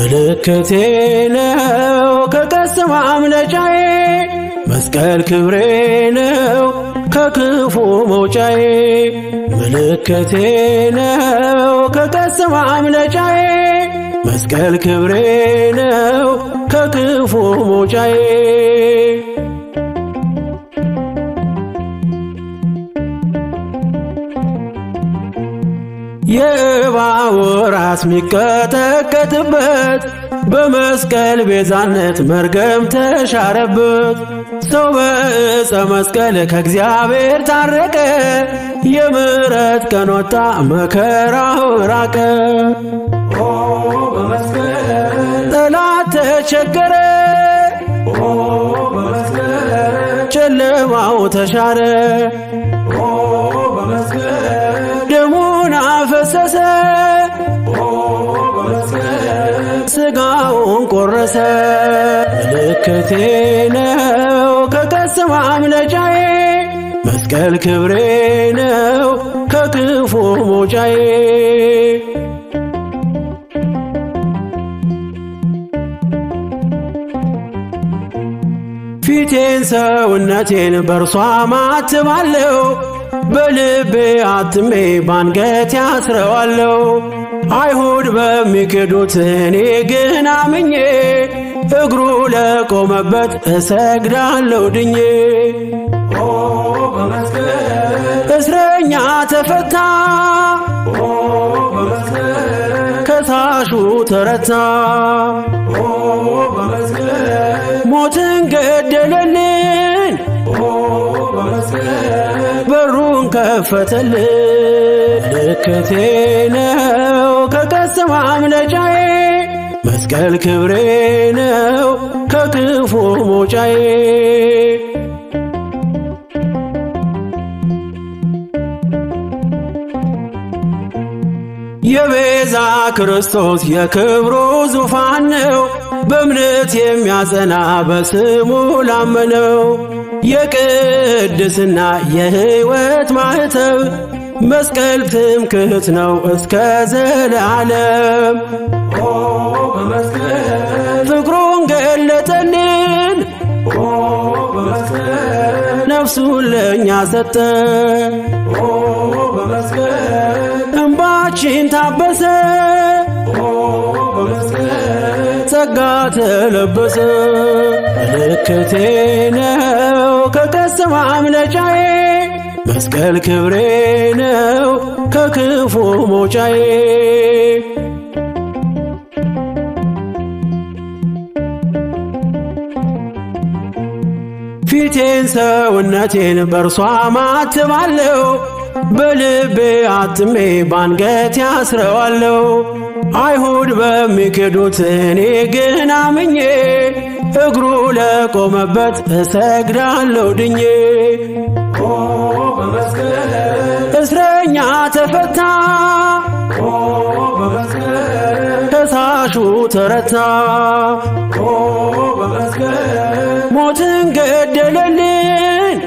ምልክቴ ነው ከቀስ ማምለጫዬ መስቀል ክብሬ ነው ከክፉ መውጫዬ ምልክቴ ነው ከቀስ ማምለጫዬ መስቀል ክብሬ ነው ከክፉ መውጫዬ የእባቡ ራስ ሚቀጠቀጥበት በመስቀል ቤዛነት መርገም ተሻረበት። ሰው በእፀ መስቀል ከእግዚአብሔር ታረቀ። የምሕረት ቀን ወጣ መከራው ራቀ። ጠላት ተቸገረ፣ ጨለማው ተሻረ። ፈሰሰ ስጋውን ቆረሰ። ምልክቴ ነው ከቀስ ማምለጫዬ መስቀል ክብሬ ነው ከክፉ ሞጫዬ ፊቴን ሰውነቴን በእርሷ ማትባለው በልቤ አትሜ ባንገት ያስረዋለው አይሁድ በሚክዱት እኔ ግን አምኜ እግሩ ለቆመበት እሰግዳለሁ ድኜ። እስረኛ ተፈታ፣ ከሳሹ ተረታ። ከፈተልኝ ልክቴ ነው ከቀስት ማምለጫዬ መስቀል ክብሬ ነው ከክፉ መውጫዬ የቤዛ ክርስቶስ የክብሩ ዙፋን ነው በእምነት የሚያጸና በስሙ ላመነው የቅድስና የሕይወት ማኅተብ መስቀል ትምክህት ነው እስከ ዘለዓለም። ፍቅሩን ገለጠልን ነፍሱን ለእኛ ሰጠ። እምባችን ታበሰን ጸጋ ተለበሰ ምልክቴ ነው ከቀስ ማምለጫዬ መስቀል ክብሬ ነው ከክፉ ሞጫዬ ፊቴን ሰውነቴን በእርሷ ማትባለው በልቤ አትሜ ባንገት ያስረዋለው አይሁድ በሚክዱት እኔ ግን አምኜ እግሩ ለቆመበት እሰግዳለሁ ድኜ። እስረኛ ተፈታ፣ ከሳሹ ተረታ፣ ሞትን ገደለልን፣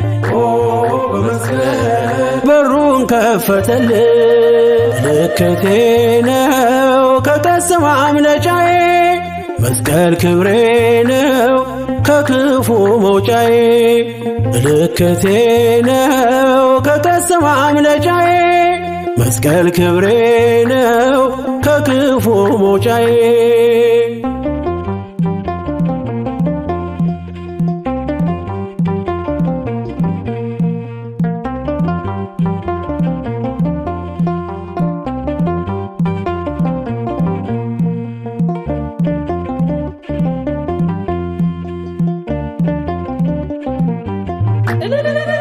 በሩን ከፈተልን። ምልክቴ ነው ከጠስማ አምለጫዬ መስቀል ክብሬ ነው ከክፉ መውጫዬ ምልክቴ ነው ከጠስማ አምለጫዬ መስቀል ክብሬ ነው ከክፉ መውጫዬ no, no, no,